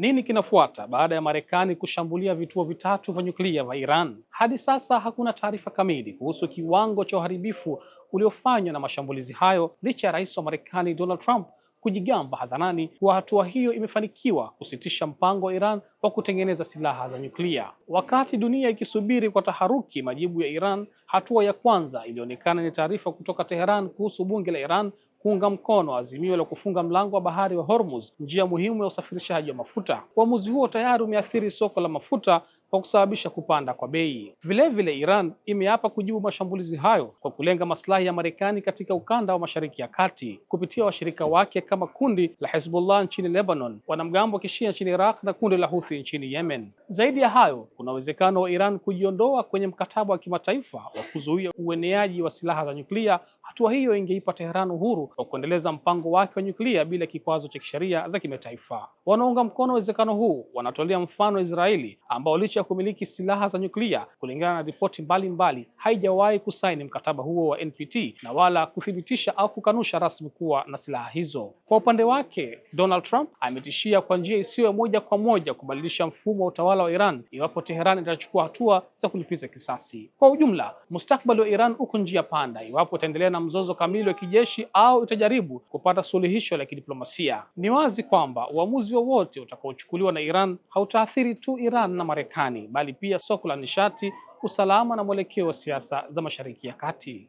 Nini kinafuata baada ya Marekani kushambulia vituo vitatu vya nyuklia vya Iran? Hadi sasa hakuna taarifa kamili kuhusu kiwango cha uharibifu uliofanywa na mashambulizi hayo, licha ya Rais wa Marekani Donald Trump kujigamba hadharani kuwa hatua hiyo imefanikiwa kusitisha mpango wa Iran wa kutengeneza silaha za nyuklia. Wakati dunia ikisubiri kwa taharuki majibu ya Iran, hatua ya kwanza ilionekana ni taarifa kutoka Teheran kuhusu bunge la Iran kuunga mkono azimio la kufunga mlango wa bahari wa Hormuz, njia muhimu ya usafirishaji wa mafuta. Uamuzi huo tayari umeathiri soko la mafuta kwa kusababisha kupanda kwa bei. Vilevile, Iran imeapa kujibu mashambulizi hayo kwa kulenga maslahi ya Marekani katika ukanda wa Mashariki ya Kati kupitia washirika wake kama kundi la Hezbollah nchini Lebanon, wanamgambo wa Kishia nchini Iraq na kundi la Houthi nchini Yemen. Zaidi ya hayo, kuna uwezekano wa Iran kujiondoa kwenye mkataba wa kimataifa wa kuzuia ueneaji wa silaha za nyuklia Hatua hiyo ingeipa Tehran uhuru wa kuendeleza mpango wake wa nyuklia bila kikwazo cha kisheria za kimataifa. Wanaunga mkono uwezekano huu wanatolea mfano Israeli, ambao licha ya kumiliki silaha za nyuklia, kulingana na ripoti mbalimbali, haijawahi kusaini mkataba huo wa NPT na wala kuthibitisha au kukanusha rasmi kuwa na silaha hizo. Kwa upande wake, Donald Trump ametishia kwa njia isiyo ya moja kwa moja kubadilisha mfumo wa utawala wa Iran iwapo Tehran itachukua hatua za kulipiza kisasi. Kwa ujumla, mustakbali wa Iran uko njia panda iwapo itaendelea na na mzozo kamili wa kijeshi au itajaribu kupata suluhisho la kidiplomasia. Ni wazi kwamba uamuzi wowote utakaochukuliwa na Iran hautaathiri tu Iran na Marekani bali pia soko la nishati, usalama na mwelekeo wa siasa za Mashariki ya Kati.